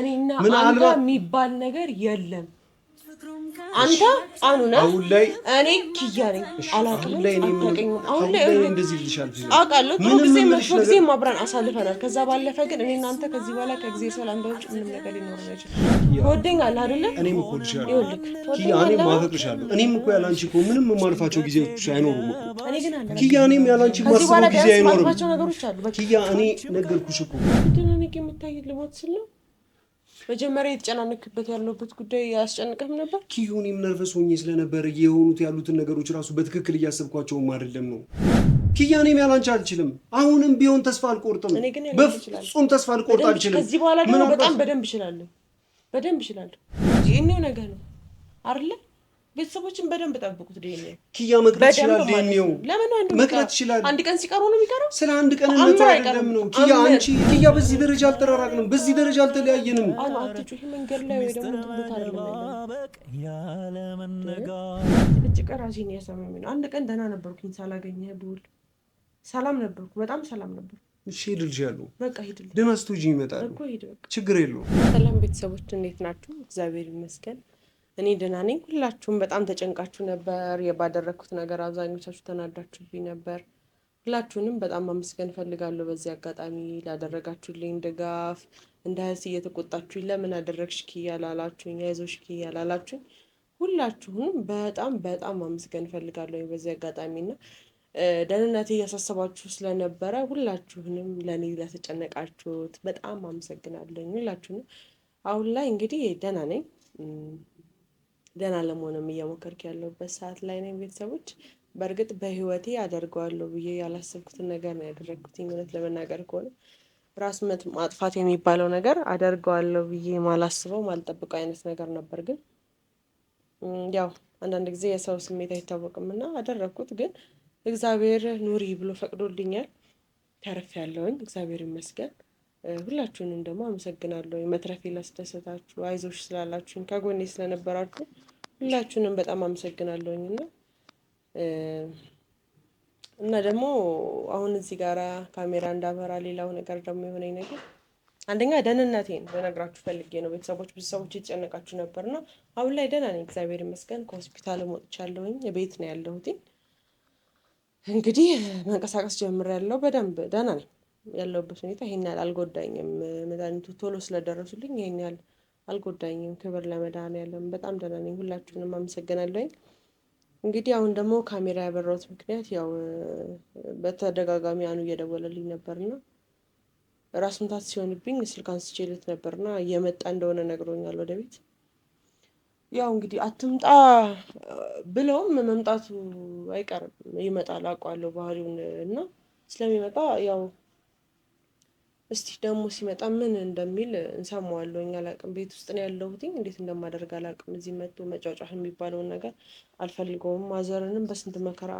እኔና አንተ የሚባል ነገር የለም። አንተ አኑ ነህ፣ እኔ ኪያ ነኝ። አላውቅም፣ አሁን ላይ አውቃለሁ። ጥሩ ጊዜ መጥፎ ጊዜ አብረን አሳልፈናል። ከዛ ባለፈ ግን እኔ እናንተ ከዚህ በኋላ ከጊዜ ሰላም በውጭ ምንም ነገር ሊኖር አይችል። ትወደኛለህ አይደለ? እኔም እኮ ያለ አንቺ እኮ ምንም የማልፋቸው ጊዜዎች አይኖሩም ኪያ፣ እኔም ያለ አንቺ ጊዜ አይኖርም ኪያ። እኔ ነገርኩሽ እኮ ምንድን የምታይ ልማት ስል መጀመሪያ የተጨናነክበት ያለበት ጉዳይ ያስጨንቀም ነበር። ኪዩን ነርቨስ ሆኜ ስለነበር የሆኑት ያሉትን ነገሮች ራሱ በትክክል እያሰብኳቸውም አይደለም ነው። ኪያኔም ያላንቺ አልችልም። አሁንም ቢሆን ተስፋ አልቆርጥም። በፍጹም ተስፋ አልቆርጥ አልችልም። ከዚህ በኋላ ደግሞ በጣም በደንብ እችላለሁ፣ በደንብ እችላለሁ። ይህኔው ነገር ነው አይደለ ቤተሰቦችን በደንብ ጠብቁት። ዲኤንኤ ኪያ መቅረት ይችላል። ዲኤንኤው ለምን መቅረት ይችላል? አንድ ቀን ሲቀሩ ነው የሚቀረው። ስለ አንድ ቀን ነበር አይደለም ነው ኪያ። አንቺ ክያ በዚህ ደረጃ አልተራራቅንም፣ በዚህ ደረጃ አልተለያየንም። አትጩ። ይሄ ነው። አንድ ቀን ደህና ነበርኩኝ ሳላገኘህ ብውል፣ ሰላም ነበርኩ፣ በጣም ሰላም ነበርኩ። እሺ ሂድ ልጅ ያለው በቃ ሂድ ደህና ስትሆኚ ይመጣል። ችግር የለውም። ሰላም ቤተሰቦች፣ እንዴት ናችሁ? እግዚአብሔር ይመስገን እኔ ደህና ነኝ። ሁላችሁም በጣም ተጨንቃችሁ ነበር። ባደረግኩት ነገር አብዛኞቻችሁ ተናዳችሁብኝ ነበር። ሁላችሁንም በጣም ማመስገን እፈልጋለሁ። በዚህ አጋጣሚ ላደረጋችሁልኝ ድጋፍ እንደ ህስ እየተቆጣችሁኝ ለምን አደረግሽ ኪያ ላላችሁኝ፣ አይዞሽ ኪያ ላላችሁኝ ሁላችሁንም በጣም በጣም ማመስገን እፈልጋለሁ። በዚህ አጋጣሚ እና ደህንነቴ እያሳሰባችሁ ስለነበረ ሁላችሁንም ለእኔ ለተጨነቃችሁት በጣም አመሰግናለኝ። ሁላችሁንም አሁን ላይ እንግዲህ ደህና ነኝ። ደህና ለመሆንም እየሞከርኩ ያለሁበት ሰዓት ላይ ነኝ። ቤተሰቦች በእርግጥ በህይወቴ አደርገዋለሁ ብዬ ያላሰብኩትን ነገር ነው ያደረግኩት። እውነት ለመናገር ከሆነ ራስ ማጥፋት የሚባለው ነገር አደርገዋለሁ ብዬ ማላስበው ማልጠብቀው አይነት ነገር ነበር። ግን ያው አንዳንድ ጊዜ የሰው ስሜት አይታወቅም እና አደረግኩት። ግን እግዚአብሔር ኑሪ ብሎ ፈቅዶልኛል። ተርፌያለሁኝ። እግዚአብሔር ይመስገን። ሁላችሁንም ደግሞ አመሰግናለሁ። መትረፌ ላስደሰታችሁ፣ አይዞሽ ስላላችሁ፣ ከጎኔ ስለነበራችሁ ሁላችሁንም በጣም አመሰግናለሁኝ እና እና ደግሞ አሁን እዚህ ጋራ ካሜራ እንዳበራ ሌላው ነገር ደግሞ የሆነኝ ነገር አንደኛ ደህንነቴን ልነግራችሁ ፈልጌ ነው። ቤተሰቦች ብዙ ሰዎች የተጨነቃችሁ ነበር እና አሁን ላይ ደህና ነኝ፣ እግዚአብሔር ይመስገን። ከሆስፒታል ወጥቻለሁኝ፣ ቤት ነው ያለሁት። እንግዲህ መንቀሳቀስ ጀምሬያለሁ። በደንብ ደህና ነኝ። ያለበት ሁኔታ ይሄን ያህል አልጎዳኝም። መድኃኒቱ ቶሎ ስለደረሱልኝ ይሄን ያህል አልጎዳኝም። ክብር ለመድኃኒዓለም በጣም ደህና ነኝ። ሁላችሁንም አመሰግናለሁኝ። እንግዲህ አሁን ደግሞ ካሜራ ያበራሁት ምክንያት ያው በተደጋጋሚ አኑ እየደወለልኝ ነበርና ራስ ምታት ሲሆንብኝ ስልክ አንስቼ ነበርና እየመጣ እንደሆነ ነግሮኛል ወደ ቤት። ያው እንግዲህ አትምጣ ብለውም መምጣቱ አይቀርም ይመጣል፣ አውቀዋለሁ ባህሪውን እና ስለሚመጣ ያው እስቲ ደግሞ ሲመጣ ምን እንደሚል እንሰማዋለሁኝ። አላቅም ቤት ውስጥ ነው ያለሁትኝ፣ እንዴት እንደማደርግ አላቅም። እዚህ መጥቶ መጫጫህ የሚባለውን ነገር አልፈልገውም። ማዘርንም በስንት መከራ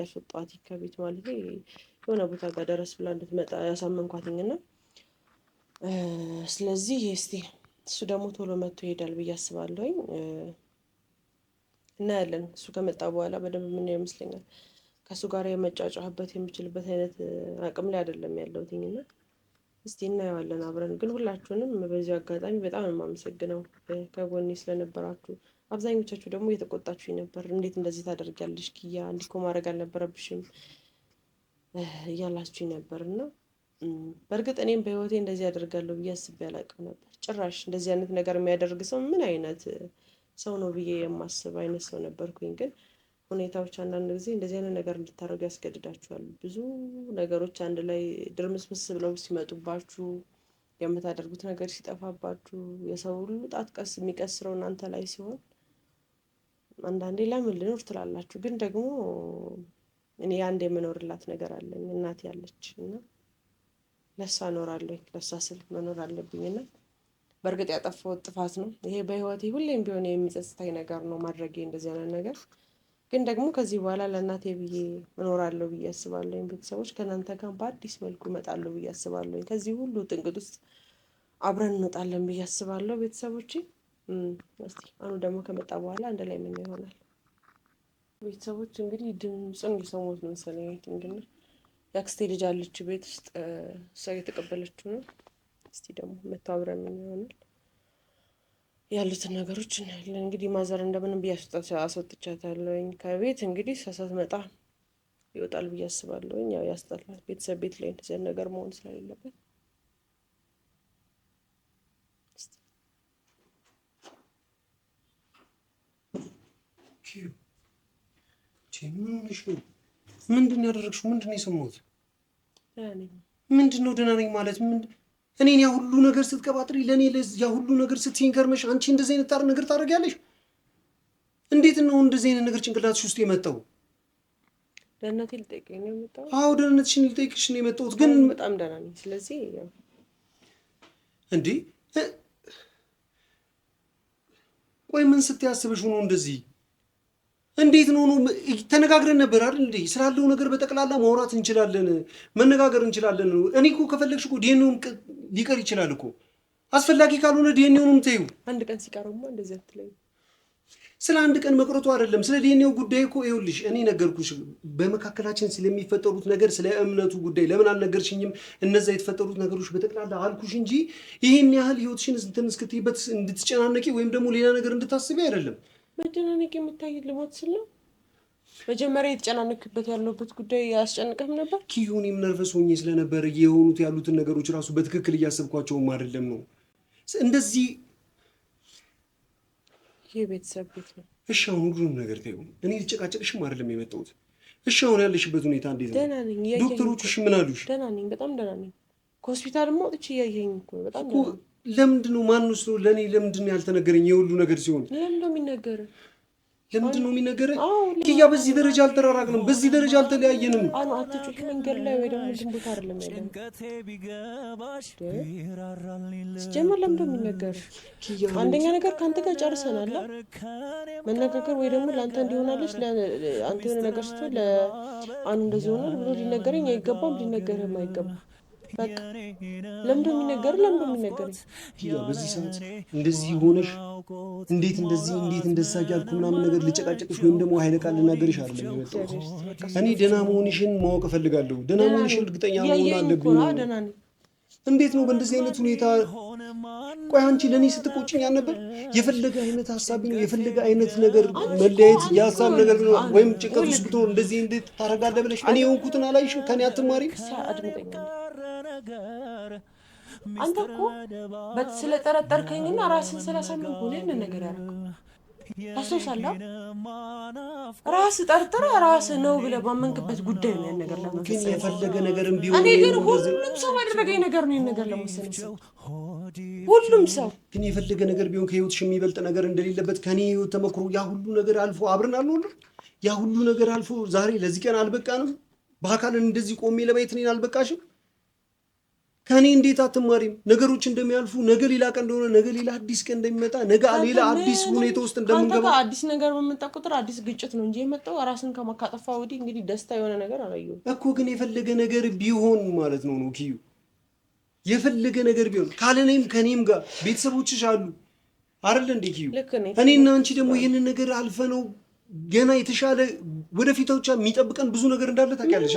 ያስወጣት ከቤት ማለት የሆነ ቦታ ጋር ደረስ ብላ እንድትመጣ ያሳመንኳትኝና ስለዚህ እስቲ እሱ ደግሞ ቶሎ መጥቶ ይሄዳል ብዬ አስባለሁኝ። እናያለን። እሱ ከመጣ በኋላ በደንብ ምን ይመስለኛል ከእሱ ጋር የመጫጫህበት የምችልበት አይነት አቅም ላይ አይደለም ያለሁትኝና እስቲ እናየዋለን አብረን። ግን ሁላችሁንም በዚሁ አጋጣሚ በጣም የማመሰግነው ከጎኔ ስለነበራችሁ። አብዛኞቻችሁ ደግሞ እየተቆጣችሁ ነበር። እንዴት እንደዚህ ታደርጊያለሽ ኪያ፣ እንዲኮ ማድረግ አልነበረብሽም እያላችሁ ነበር እና በእርግጥ እኔም በህይወቴ እንደዚህ ያደርጋለሁ ብዬ አስቤ አላውቅም ነበር። ጭራሽ እንደዚህ አይነት ነገር የሚያደርግ ሰው ምን አይነት ሰው ነው ብዬ የማስብ አይነት ሰው ነበርኩኝ ግን ሁኔታዎች አንዳንድ ጊዜ እንደዚህ አይነት ነገር እንድታደርጉ ያስገድዳችኋል። ብዙ ነገሮች አንድ ላይ ድርምስምስ ብለው ሲመጡባችሁ፣ የምታደርጉት ነገር ሲጠፋባችሁ፣ የሰው ሁሉ ጣት ቀስ የሚቀስረው እናንተ ላይ ሲሆን አንዳንዴ ለምን ልኖር ትላላችሁ። ግን ደግሞ እኔ አንድ የምኖርላት ነገር አለኝ እናት ያለች እና ለሷ እኖራለሁ ለሷ ስል መኖር አለብኝ እና በእርግጥ ያጠፋሁት ጥፋት ነው። ይሄ በህይወቴ ሁሌም ቢሆን የሚጸጽታኝ ነገር ነው ማድረጌ እንደዚህ አይነት ነገር ግን ደግሞ ከዚህ በኋላ ለእናቴ ብዬ እኖራለሁ ብዬ አስባለሁኝ። ቤተሰቦች ከእናንተ ጋር በአዲስ መልኩ እመጣለሁ ብዬ አስባለሁኝ። ከዚህ ሁሉ ጥንቅት ውስጥ አብረን እንወጣለን ብዬ አስባለሁ ቤተሰቦች እስቲ አኑ ደግሞ ከመጣ በኋላ አንድ ላይ ምን ይሆናል? ቤተሰቦች እንግዲህ ድምፅን የሰሙት ነው መሰለኝ። እንግዲህ የአክስቴ ልጅ አለች ቤት ውስጥ እሷ እየተቀበለችው ነው። እስቲ ደግሞ አብረን ምን ይሆናል? ያሉትን ነገሮች እናያለን። እንግዲህ ማዘር እንደምንም ብዬ አስወጥቻታለሁኝ ከቤት እንግዲህ መጣ ይወጣል ብዬ አስባለሁኝ። ያው ያስጠላል፣ ቤተሰብ ቤት ላይ እንደዚህ ነገር መሆን ስለሌለበት ምንድን ነው ያደረግሽው? ምንድን ነው የሰማሁት? ምንድን ነው ደህና ነኝ ማለት እኔን ያ ሁሉ ነገር ስትቀባጥሪ ለእኔ ያ ሁሉ ነገር ስትንገርመሽ አንቺ እንደዚህ አይነት ታር ነገር ታደርጊያለሽ? እንዴት ነው እንደዚህ አይነት ነገር ጭንቅላትሽ ውስጥ የመጣው? ደህንነቴ ልጠይቅኝ ነው የመጣሁት። አዎ ደህንነትሽን ልጠይቅሽ ነው የመጣሁት። ግን በጣም ደህና ነኝ። ስለዚህ እንዴ ቆይ ምን ስትያስብሽ ሆኖ እንደዚህ እንዴት ነው ነው? ተነጋግረን ነበር አይደል እንዴ? ስላለው ነገር በጠቅላላ ማውራት እንችላለን፣ መነጋገር እንችላለን። እኔ እኮ ከፈለግሽ እኮ ዲኤንኤውን ሊቀር ይችላል እኮ አስፈላጊ ካልሆነ ዲኤንኤውንም ተይው። አንድ ቀን ሲቀረውማ እንደዚህ አትለኝ። ስለ አንድ ቀን መቅረቱ አይደለም ስለ ዲኤንኤው ጉዳይ እኮ ይኸውልሽ፣ እኔ ነገርኩሽ በመካከላችን ስለሚፈጠሩት ነገር፣ ስለ እምነቱ ጉዳይ ለምን አልነገርሽኝም? እነዛ የተፈጠሩት ነገሮች በጠቅላላ አልኩሽ እንጂ ይህን ያህል ህይወትሽን እንትን እስክትይበት እንድትጨናነቂ ወይም ደግሞ ሌላ ነገር እንድታስቢ አይደለም። መጨናነቂ የምታይ ልሞት ስለው መጀመሪያ የተጨናነክበት ያለበት ጉዳይ ያስጨንቅም ነበር። ኪዩ እኔም ነርቨስ ሆኜ ስለነበር የሆኑት ያሉትን ነገሮች ራሱ በትክክል እያሰብኳቸውም አይደለም ነው እንደዚህ ቤተሰብ ቤት ነው። እሺ አሁን ሁሉንም ነገር ታዩ። እኔ ልጨቃጨቅሽም አይደለም የመጣሁት። እሺ አሁን ያለሽበት ሁኔታ እንዴት ነው? ደህና ነኝ። ዶክተሮቹሽ ምን አሉሽ? ደህና ነኝ፣ በጣም ደህና ነኝ። ከሆስፒታል ወጥቼ እያየኝ እኮ በጣም ደህና ነኝ። ለምንድን ነው ማን ውስጥ ለእኔ ለምንድን ነው ያልተነገረኝ? የሁሉ ነገር ሲሆን ለምንድን ነው የሚነገረው? ለምንድን ነው የሚነገረኝ? ኪያ በዚህ ደረጃ አልተራራቅንም፣ በዚህ ደረጃ አልተለያየንም። ሲጀመር ለምንድን ነው አንደኛ ነገር ከአንተ ጋር ጨርሰናል መነጋገር ወይ ደግሞ ለአንተ እንዲሆናለች አንተ የሆነ ነገር ስትሆን ለአኑ እንደዚህ ሆናል ብሎ ሊነገረኝ አይገባም፣ ሊነገርህም አይገባም። ለምንድን የሚነገር ለምንድን የሚነገር በዚህ ሰዓት እንደዚህ ሆነሽ እንዴት እንደዚህ እንዴት እንደዛ እያልኩ ምናምን ነገር ልጨቃጨቅሽ ወይም ደግሞ ኃይለ ቃል ልናገርሽ አለ የመጣሁት። እኔ ደህና መሆንሽን ማወቅ እፈልጋለሁ። ደህና መሆንሽን እርግጠኛ መሆን አለብኝ። እንዴት ነው በእንደዚህ አይነት ሁኔታ? ቆይ አንቺ ለእኔ ስትቆጭኝ ያልነበር የፈለገ አይነት ሀሳብ የፈለገ አይነት ነገር መለያየት የሀሳብ ነገር ወይም ጭንቀት ውስጥ ብትሆን እንደዚህ እንዴት ታደርጋለህ ብለሽ እኔ የሆንኩትን አላይሽም። ከኔ አትማሪም አንተ እኮ ስለጠረጠርከኝና ራስን ስላሳመንኩ ነው ያንን ነገር ያደረኩት። አስታውሳለሁ። ራስ ጠርጥረ ራስ ነው ብለህ ባመንክበት ጉዳይ ነው ያን ነገር ለመፈጸም የፈለገ ነገርም ቢሆን። እኔ ግን ሁሉም ሰው ባደረገኝ ነገር ነው ያን ነገር ለመወሰን ሁሉም ሰው ግን የፈለገ ነገር ቢሆን ከህይወትሽ የሚበልጥ ነገር እንደሌለበት ከኔ ህይወት ተመክሮ ያ ሁሉ ነገር አልፎ አብረን አልኖርም። ያ ሁሉ ነገር አልፎ ዛሬ ለዚህ ቀን አልበቃንም። በአካልን እንደዚህ ቆሜ ለማየት እኔን አልበቃሽም። ከእኔ እንዴት አትማሪም? ነገሮች እንደሚያልፉ ነገ ሌላ ቀን እንደሆነ ነገ ሌላ አዲስ ቀን እንደሚመጣ ነገ ሌላ አዲስ ሁኔታ ውስጥ እንደምንገባ አዲስ ነገር በመጣ ቁጥር አዲስ ግጭት ነው እንጂ የመጣው ራስን ከማካጠፋ ወዲህ እንግዲህ ደስታ የሆነ ነገር አላየሁም እኮ። ግን የፈለገ ነገር ቢሆን ማለት ነው ነው ኪዩ የፈለገ ነገር ቢሆን ካለኔም ከኔም ጋር ቤተሰቦችሽ አሉ አይደል እንዴ ኪዩ? እኔና አንቺ ደግሞ ይህንን ነገር አልፈ ነው ገና የተሻለ ወደፊት የሚጠብቀን ብዙ ነገር እንዳለ ታውቂያለሽ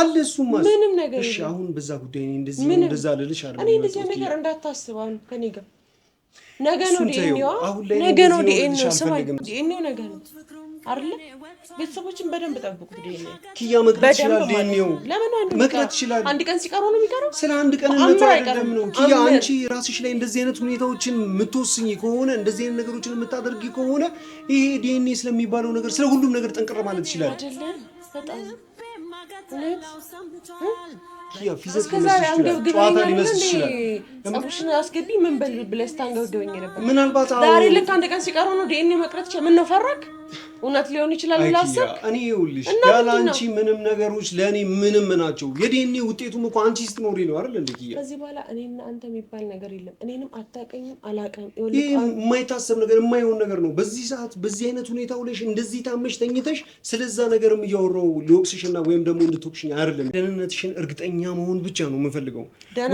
አለ እሱማ። ምንም ነገር እሺ። አሁን በዛ ጉዳይ እኔ እንደዚህ እንደዛ ልልሽ አለ እኔ እንደዚህ ነገር እንዳታስብ። አሁን ከኔ ጋር ነገ ነው ዲኤንኤው፣ ነገ ነው ስማ ዲኤንኤው፣ ነገ ነው አይደለ? ቤተሰቦችን በደንብ ጠብቁት። ኪያ መቅረት ይችላል። ዲኤንኤው መቅረት ይችላል። አንድ ቀን ሲቀሩ ነው የሚቀረው። ስለ አንድ ቀን አይደለም ነው ኪያ። አንቺ ራስሽ ላይ እንደዚህ አይነት ሁኔታዎችን የምትወስኝ ከሆነ እንደዚህ አይነት ነገሮችን የምታደርጊ ከሆነ ይሄ ዲኤንኤ ስለሚባለው ነገር ስለ ሁሉም ነገር ጠንቅር ማለት ይችላል። አስገቢ ምን በል ብለህ ስታንገብግበኝ ነበር። ምናልባት ዛሬ ልክ አንድ ቀን ሲቀረው ነው ዲኤንኤ መቅረት ይችላል። ምን ነው ፈራክ? እውነት ሊሆን ይችላል ላስብ እኔ ይኸውልሽ፣ ያለ አንቺ ምንም ነገሮች ለእኔ ምንም ናቸው። የዲኤንኤ ውጤቱም እኮ አንቺ ስትኖሪ ነው አይደል? እንደ ኪያ ከዚህ በኋላ እኔና አንተ የሚባል ነገር የለም። እኔንም አታውቅኝም፣ አላውቅም። ይሄ የማይታሰብ ነገር የማይሆን ነገር ነው። በዚህ ሰዓት በዚህ አይነት ሁኔታ ውለሽ እንደዚህ ታመሽ ተኝተሽ ስለዛ ነገርም እያወራሁ ሊወቅስሽና ወይም ደግሞ እንድትወቅሽኝ አይደለም። ደህንነትሽን እርግጠኛ መሆን ብቻ ነው የምፈልገው።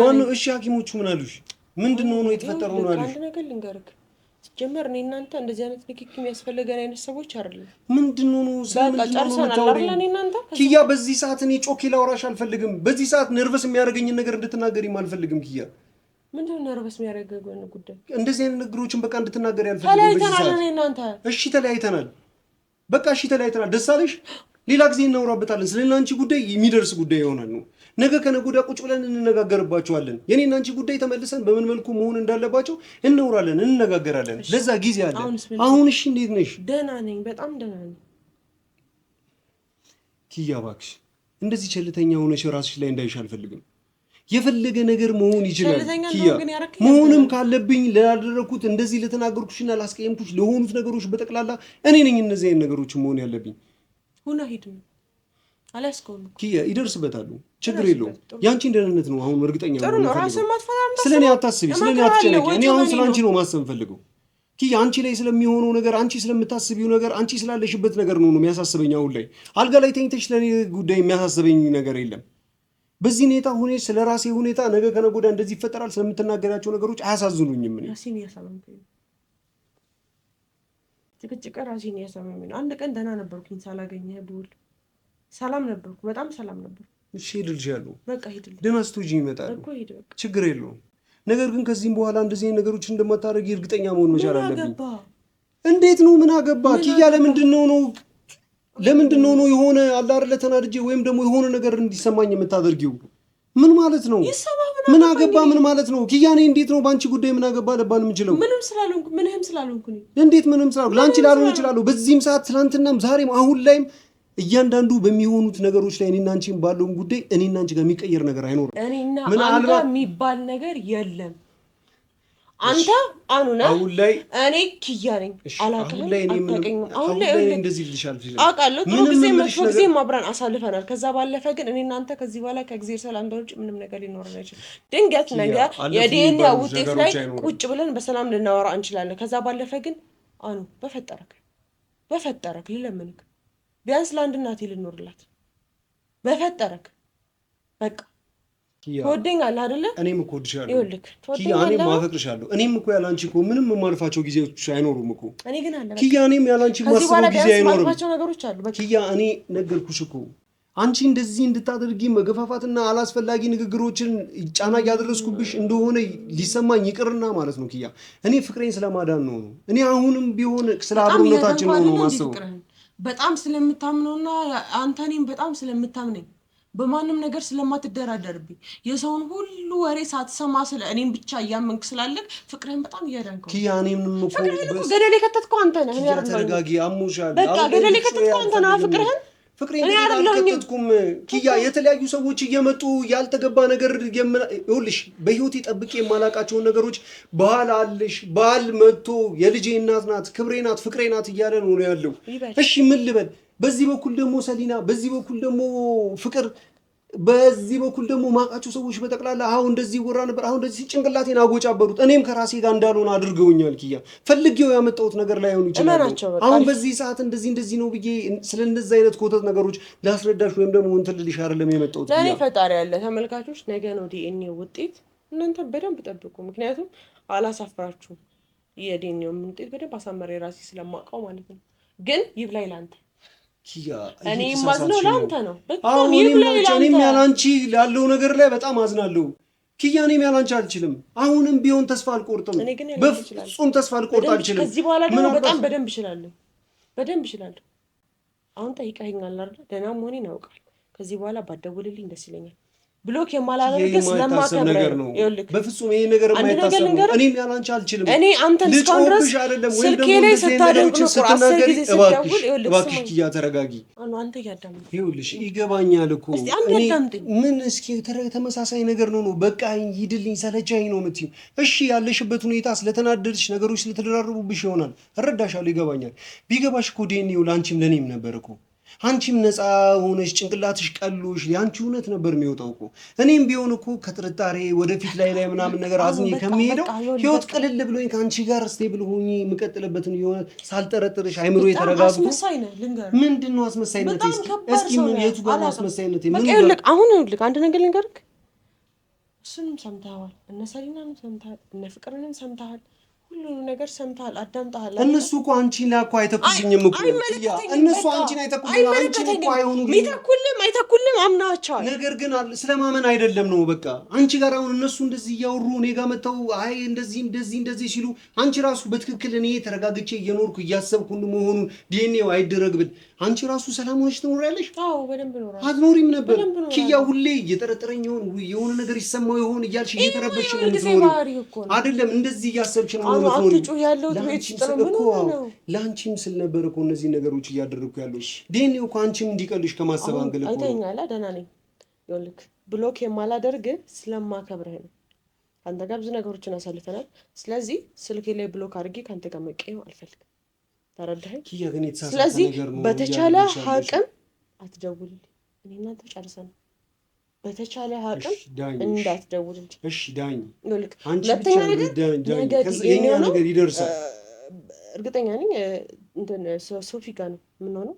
ዋናው እሺ፣ ሐኪሞቹ ምን አሉሽ? ምንድን ነው ሆኖ የተፈጠረው ነው አሉሽ? ጀመር እኔ እናንተ እንደዚህ አይነት ንክኪ የሚያስፈልገን አይነት ሰዎች አይደለም። ምንድን ነው እናንተ ኪያ፣ በዚህ ሰዓት እኔ ጮኬ ላውራሽ አልፈልግም። በዚህ ሰዓት ነርቨስ የሚያደርገኝን ነገር እንድትናገሪም አልፈልግም። ኪያ፣ ምንድን ነው ነርቨስ የሚያደርገን ጉዳይ? እንደዚህ አይነት ነገሮችን በቃ እንድትናገሪ አልፈልግም። ተለያይተናል። እኔ እናንተ እሺ፣ ተለያይተናል። በቃ እሺ፣ ተለያይተናል። ደስ አለሽ? ሌላ ጊዜ እናውራበታለን። ስለ አንቺ ጉዳይ የሚደርስ ጉዳይ ይሆናል ነው። ነገ ከነገ ወዲያ ቁጭ ብለን እንነጋገርባቸዋለን። የኔና አንቺ ጉዳይ ተመልሰን በምን መልኩ መሆን እንዳለባቸው እናውራለን፣ እንነጋገራለን። ለዛ ጊዜ አለ። አሁን እሺ፣ እንዴት ነሽ? ደህና ነኝ፣ በጣም ደህና ነኝ። ኪያ እባክሽ እንደዚህ ቸልተኛ ሆነሽ ራስሽ ላይ እንዳይሽ አልፈልግም። የፈለገ ነገር መሆን ይችላል ኪያ። መሆንም ካለብኝ ላደረግኩት እንደዚህ ለተናገርኩሽና ላስቀየምኩሽ ለሆኑት ነገሮች በጠቅላላ እኔ ነኝ እነዚህ አይነት ነገሮች መሆን ያለብኝ ሁና ሂድ አላስቆም ኪያ ይደርስበታሉ። ችግር የለውም። የአንቺን ደህንነት ነው አሁን እርግጠኛ ነው። ራስን ማጥፋት ስለኔ አታስቢ፣ ስለኔ አትጨነቂ። እኔ አሁን ስለ አንቺ ነው ማሰብ ኪያ አንቺ ላይ ስለሚሆነው ነገር፣ አንቺ ስለምታስቢው ነገር፣ አንቺ ስላለሽበት ነገር ነው ነው የሚያሳስበኝ። አሁን ላይ አልጋ ላይ ተኝተሽ ለኔ ጉዳይ የሚያሳስበኝ ነገር የለም። በዚህ ሁኔታ ሁኔ ስለ ራሴ ሁኔታ ነገ ከነገ ወዲያ እንደዚህ ይፈጠራል ስለምትናገራቸው ነገሮች አያሳዝኑኝም እኔ ጭቅጭቅ ራሴን እያሳመመኝ ነው። አንድ ቀን ደህና ነበርኩኝ ሳላገኘህ ብውል ሰላም ነበርኩ፣ በጣም ሰላም ነበርኩ። እሺ ሂድልሽ ያለው በቃ ሂድልህ ደመስቶ ጂ ይመጣል እኮ ሂድ፣ በቃ ችግር የለውም። ነገር ግን ከዚህም በኋላ እንደዚህ ነገሮች እንደማታደርጊ እርግጠኛ መሆን መቻል አለብኝ። እንዴት ነው ምን አገባ ኪያ? ለምንድን ነው ነው ለምንድን ነው ነው የሆነ አላርለ ተናድጄ ወይም ደግሞ የሆነ ነገር እንዲሰማኝ የምታደርጊው ምን ማለት ነው? ይሰማ ምን አገባ ምን ማለት ነው? ኪያኔ እንዴት ነው በአንቺ ጉዳይ ምን አገባ ልባል የምችለው? ምንም ስላልሆንኩ ምንም ስላልሆንኩ እንዴት ምንም ስላልሆንኩ ላንቺ ላልሆን ይችላሉ። በዚህም ሰዓት ትናንትናም፣ ዛሬም፣ አሁን ላይም እያንዳንዱ በሚሆኑት ነገሮች ላይ እኔና አንቺ ባለውን ጉዳይ እኔና አንቺ ጋር የሚቀየር ነገር አይኖርም። እኔና አንቺ ጋር የሚባል ነገር የለም። አንተ አኑ ነህ። አሁን ላይ እኔ ኪያ ነኝ። አላውቅህም፣ አታውቀኝም። አሁን ላይ አውቃለሁ። ጥሩ ጊዜ መጥፎ ጊዜ አብረን አሳልፈናል። ከዛ ባለፈ ግን እኔ እናንተ ከዚህ በኋላ ከእግዚአብሔር ሰላምታ ውጭ ምንም ነገር ሊኖረን አይችልም። ድንገት ነገ የዲኤንኤ ውጤት ላይ ቁጭ ብለን በሰላም ልናወራ እንችላለን። ከዛ ባለፈ ግን አኑ በፈጠረክ በፈጠረክ ልለምንክ፣ ቢያንስ ለአንድ እናቴ ልኖርላት በፈጠረክ በቃ ትወደኛለህ አይደለ? እኔም እኮ እኔም እኮ እኮ ምንም የማልፋቸው ጊዜዎች አይኖሩም እኮ። እኔ ግን አለ ኪያ፣ እኔም ያለ ጊዜ አይኖርም። ኪያ፣ እኔ ነገርኩሽ እኮ አንቺ እንደዚህ እንድታደርጊ መገፋፋትና አላስፈላጊ ንግግሮችን ጫና እያደረስኩብሽ እንደሆነ ሊሰማኝ ይቅርና ማለት ነው ኪያ፣ እኔ ፍቅሬን ስለማዳን ነው ነው እኔ አሁንም ቢሆን ስለ አብሮነታችን ነው ነው ማስበው በጣም ስለምታምነውና አንተ እኔም በጣም ስለምታምነኝ በማንም ነገር ስለማትደራደርብኝ የሰውን ሁሉ ወሬ ሳትሰማ ስለ እኔም ብቻ እያመንክ ስላለክ ፍቅርህን በጣም እያዳንከው ኪያ። እኔም ገደል የከተትከው አንተ ነህ። ተረጋጊ፣ አሞሻል። በቃ ገደል የከተትከው አንተ ነህ ፍቅርህን ፍቅሬን አልከተትኩም ኪያ። የተለያዩ ሰዎች እየመጡ ያልተገባ ነገር ይኸውልሽ፣ በህይወቴ ጠብቄ የማላቃቸውን ነገሮች ባህል አለሽ ባህል መጥቶ የልጄ እናት ናት፣ ክብሬ ናት፣ ፍቅሬ ናት እያለ ነው ያለው። እሺ ምን ልበል? በዚህ በኩል ደግሞ ሰሊና፣ በዚህ በኩል ደግሞ ፍቅር፣ በዚህ በኩል ደግሞ ማቃቸው ሰዎች በጠቅላላ አሁን እንደዚህ ይወራ ነበር፣ አሁን እንደዚህ ጭንቅላቴን አጎጫበሩት። እኔም ከራሴ ጋር እንዳልሆነ አድርገውኛል። ክያ ፈልጌው ያመጣሁት ነገር ላይ ሆኑ ይችላል። አሁን በዚህ ሰዓት እንደዚህ እንደዚህ ነው ብዬ ስለ እነዚህ አይነት ኮተት ነገሮች ላስረዳሽ ወይም ደግሞ እንትን ልልሽ አይደለም የመጣሁት። ለእኔ ፈጣሪ ያለ ተመልካቾች፣ ነገ ነው ዲኤንኤ ውጤት። እናንተ በደንብ ጠብቁ፣ ምክንያቱም አላሳፍራችሁም። የዲኤንኤውን ውጤት በደንብ አሳመረ የራሴ ስለማውቀው ማለት ነው። ግን ይብላኝ ላንተ እኔ ማዝነው ለአንተ ነው። በጣም እኔም ላለው ነገር ላይ በጣም አዝናለሁ ኪያ። እኔም አልችልም። አሁንም ቢሆን ተስፋ አልቆርጥም፣ በፍጹም ተስፋ አልቆርጥ አልችልም። ከዚህ በኋላ ደግሞ በጣም በደንብ እችላለሁ፣ በደንብ እችላለሁ። አሁን ጠይቀኸኛል አይደል? ደህና መሆኔን አውቃለሁ። ከዚህ በኋላ ባደውልልኝ ደስ ይለኛል። ብሎክ የማላደርግ ስለማከብር ነው። በፍጹም ይሄ ነገር የማይታሰብ ነው። እኔም ያለ አልችልም። እኔ አንተን እስካሁን ድረስ ስልኬ ላይ ስታደንቅ ነው እኮ አስር ጊዜ ስደውል፣ እባክሽ ኪያ ተረጋጊ። አንተ እያዳመጥኩ ይኸውልሽ፣ ይገባኛል እኮ ምን እስኪ ተመሳሳይ ነገር ነው ነው በቃ ሂድልኝ፣ ሰለቻኝ ነው የምትይው። እሺ ያለሽበት ሁኔታ ስለተናደድሽ፣ ነገሮች ስለተደራረቡብሽ ይሆናል። እረዳሻለሁ፣ ይገባኛል። ቢገባሽ እኮ ዴኔው ለአንቺም ለእኔም ነበር እኮ አንቺም ነፃ ሆነሽ ጭንቅላትሽ ቀሎሽ የአንቺ እውነት ነበር የሚወጣው እኮ። እኔም ቢሆን እኮ ከጥርጣሬ ወደፊት ላይ ላይ ምናምን ነገር አዝኜ ከሚሄደው ህይወት ቅልል ብሎኝ ከአንቺ ጋር ስቴብል ሆኜ የምቀጥልበትን የሆነ ሳልጠረጥርሽ አይምሮ የተረጋግቶ ምንድን ነው አስመሳይነት? እስኪ የቱ ጋር ነው አስመሳይነት? አሁን ይኸውልህ አንድ ነገር ልንገርህ። እሱንም ሰምተዋል፣ እነ ሰሊናንም ሰምተሃል፣ እነ ፍቅርንም ሰምተሃል። ሁሉንም ነገር ሰምተሃል፣ አዳምጠሃል። እነሱ እኮ አንቺን ላይ እኮ አይተኩልኝም እኮ እነሱ አንቺን አይተኩልኝም። አንቺን አይተኩልም አምናቸዋል። ነገር ግን ስለማመን አይደለም ነው በቃ። አንቺ ጋር አሁን እነሱ እንደዚህ እያወሩ እኔ ጋር መተው አይ እንደዚህ እንደዚህ እንደዚህ ሲሉ አንቺ ራሱ በትክክል እኔ ተረጋግቼ እየኖርኩ እያሰብኩ መሆኑን ዲኤንኤው አይደረግብን አንቺ ራሱ ሰላም ሆነሽ ትኖሪያለሽ? አዎ በደንብ እኖራለሁ። አትኖሪም ነበር ኪያ። ሁሌ እየጠረጠረኝ ይሆን የሆነ ነገር ይሰማው ይሆን እያልሽ እየተረበሽ ነው የምትኖሪው አይደለም? እንደዚህ እያሰብሽ ነው ነው። ያለው ትሬት የምትኖሪው። ለአንቺም ስል ነበር እኮ እነዚህ ነገሮች እያደረግኩ ያለው ዴኔ እኮ አንቺም እንዲቀልሽ ከማሰብ አንገል እኮ አይተኛላ። ደህና ነኝ። ይኸውልህ ብሎክ የማላደርግ ስለማከብርህ ነው። አንተ ጋር ብዙ ነገሮችን አሳልፈናል። ስለዚህ ስልኬ ላይ ብሎክ አድርጌ ከአንተ ጋር መቀየም አልፈልግም። ተረዳኸኝ? ስለዚህ በተቻለ አቅም አትደውልልኝ። እኔ እናንተ ጨርሰናል። በተቻለ አቅም እንዳትደውልልኝ። እሺ ዳኝ። ሁለተኛ ነገር ይደርሳል። እርግጠኛ ነኝ ሶፊ ጋር ነው የምንሆነው።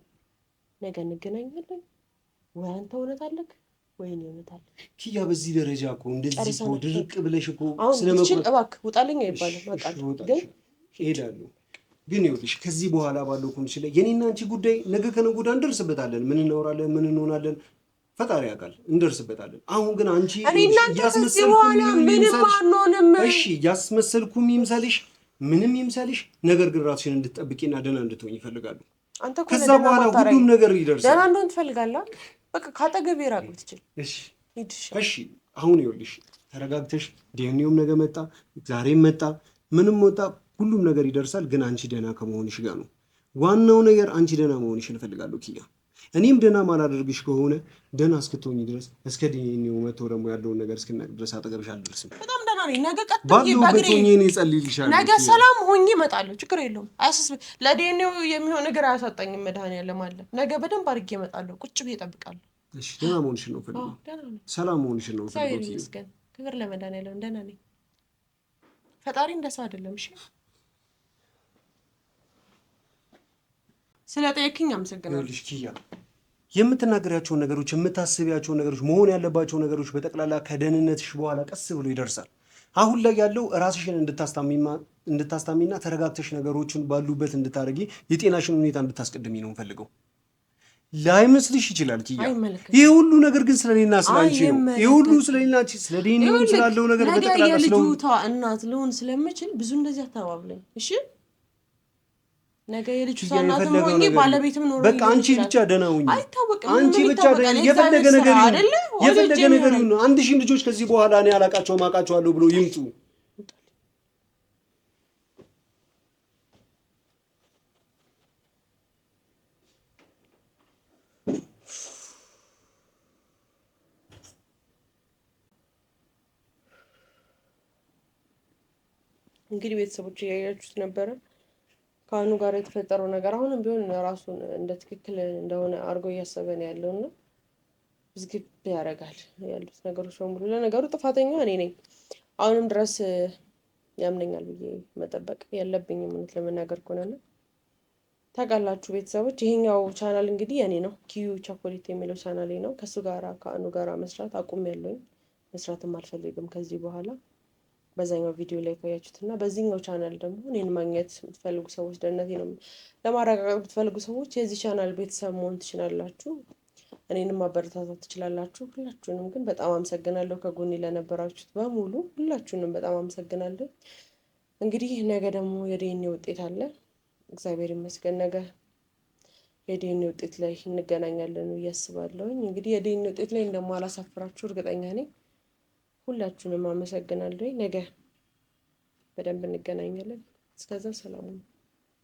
ነገ እንገናኛለን። ወይ አንተ እውነት አለክ ወይኔ እውነት ኪያ። በዚህ ደረጃ እኮ እንደዚህ ድርቅ ብለሽ እኮ ስለመቁረጥ እባክህ ውጣልኝ አይባልም። ግን ሄዳለሁ ግን ይኸውልሽ ከዚህ በኋላ ባለው ኮንዲሽን ላይ የኔና አንቺ ጉዳይ ነገ ከነገ ወዲያ እንደርስበታለን። ምን እናወራለን፣ ምን እንሆናለን፣ ፈጣሪ ያውቃል፣ እንደርስበታለን። አሁን ግን አንቺ እሺ፣ እያስመሰልኩም ይምሰልሽ፣ ምንም ይምሰልሽ፣ ነገር ግን ራስሽን እንድትጠብቂና ደህና እንድትሆኝ ይፈልጋሉ። ከዛ በኋላ ሁሉም ነገር ይደርሳል። ደህና እንደሆን ትፈልጋለህ። በቃ ካጠገብ ራቅ ብትችል። እሺ፣ አሁን ይኸውልሽ ተረጋግተሽ ዲኤንኤውም ነገ መጣ፣ ዛሬም መጣ፣ ምንም ወጣ ሁሉም ነገር ይደርሳል። ግን አንቺ ደህና ከመሆንሽ ጋር ነው ዋናው ነገር። አንቺ ደህና መሆንሽን እፈልጋለሁ ኪያ። እኔም ደህና ማላደርግሽ ከሆነ ደህና እስክትሆኝ ድረስ እስከ ዲኔው መቶ ደግሞ ያለውን ነገር እስክናቅ ድረስ አጠገብሽ አልደርስም። ነገ ቀጥባግሬ ነገ ሰላም ሆኜ እመጣለሁ። ችግር የለውም። አያስስ ለዲኔው የሚሆን ነገር አያሳጣኝም። መድኃኒዓለም አለ። ነገ በደንብ አድርጌ እመጣለሁ። ቁጭ ብዬ እጠብቃለሁ። ደህና መሆንሽን ነው ፈልገው። ሰላም መሆንሽን ነው ፈልገው። ክብር ለመድኃኒዓለም። ደህና ነኝ። ፈጣሪ እንደሰው አይደለም። እሺ ስለ ጠየቅኝ አመሰግናለሁ። ኪያ የምትናገሪያቸውን ነገሮች የምታስቢያቸውን ነገሮች መሆን ያለባቸው ነገሮች በጠቅላላ ከደህንነትሽ በኋላ ቀስ ብሎ ይደርሳል። አሁን ላይ ያለው ራስሽን እንድታስታሚና ተረጋግተሽ ነገሮችን ባሉበት እንድታደርጊ የጤናሽን ሁኔታ እንድታስቀድሚ ነው የምፈልገው። ላይመስልሽ ይችላል ኪያ፣ ይህ ሁሉ ነገር ግን ስለኔና ስለአንቺ ነው። ይህ ሁሉ ስለኔና ስለኔ ስላለው ነገር በጠቅላላ ስለሆነ እናት ልሆን ስለምችል ብዙ እንደዚህ አታባብለኝ እሺ። ነገ ሳናትም ሆኜ ባለቤትም ኖሮ በቃ አንቺ ብቻ ደህና ሁኚ። አይታወቅም። አንቺ ብቻ የፈለገ ነገር ይሁን የፈለገ ነገር ይሁን። አንድ ሺህ ልጆች ከዚህ በኋላ እኔ አላቃቸውም አውቃቸዋለሁ ብሎ ይምጡ። እንግዲህ ቤተሰቦች እያያችሁት ነበረ። ከአኑ ጋር የተፈጠረው ነገር አሁንም ቢሆን ራሱን እንደ ትክክል እንደሆነ አድርጎ እያሰበ ነው ያለው እና ዝግብ ያደርጋል ያሉት ነገሮች በሙሉ። ለነገሩ ጥፋተኛ እኔ ነኝ አሁንም ድረስ ያምነኛል ብዬ መጠበቅ ያለብኝም እውነት ለመናገር ከሆነና ታውቃላችሁ ቤተሰቦች፣ ይሄኛው ቻናል እንግዲህ የኔ ነው። ኪዩ ቸኮሌት የሚለው ቻናሌ ነው። ከሱ ጋራ ከአኑ ጋራ መስራት አቁም ያለኝ መስራትም አልፈልግም ከዚህ በኋላ በዛኛው ቪዲዮ ላይ ያያችሁት እና በዚህኛው ቻናል ደግሞ እኔን ማግኘት የምትፈልጉ ሰዎች ደህንነቴ ነው ለማረጋገጥ የምትፈልጉ ሰዎች የዚህ ቻናል ቤተሰብ መሆን ትችላላችሁ። እኔንም ማበረታታት ትችላላችሁ። ሁላችሁንም ግን በጣም አመሰግናለሁ። ከጎኔ ለነበራችሁት በሙሉ ሁላችሁንም በጣም አመሰግናለሁ። እንግዲህ ነገ ደግሞ የዲኤንኤ ውጤት አለ። እግዚአብሔር ይመስገን ነገ የዲኤንኤ ውጤት ላይ እንገናኛለን ብዬ አስባለሁኝ። እንግዲህ የዲኤንኤ ውጤት ላይ እንደማላሳፍራችሁ እርግጠኛ ነኝ። ሁላችሁንም አመሰግናለሁ። ነገ በደንብ እንገናኛለን። እስከዛ ሰላሙ ነው።